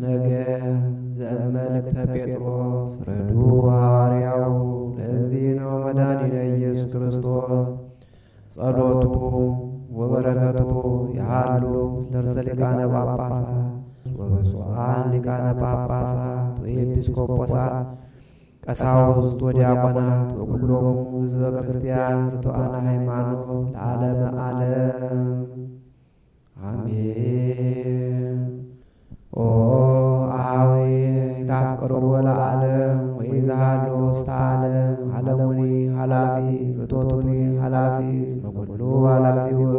ነገ ዘመልእተ ጴጥሮስ ረዱ ሐዋርያው ነው መድኃኒነ ኢየሱስ ክርስቶስ ጸሎቱ ወበረከቱ ያሉ ደርሰ ሊቃነ ጳጳሳት ወብፁዓን ሊቃነ ጳጳሳት ወኤጲስቆጶሳት ቀሳውስት ወዲያቆናት ወኩሎሙ ሕዝበ ክርስቲያን ርቱዓነ ሃይማኖት ለዓለመ ዓለም አሜን። ቅርቦ ለዓለም ወይዛሃሎ ውስተ ዓለም ዓለሙኒ ኃላፊ ፍቶቱኒ ኃላፊ እስመ ኩሉ ኃላፊ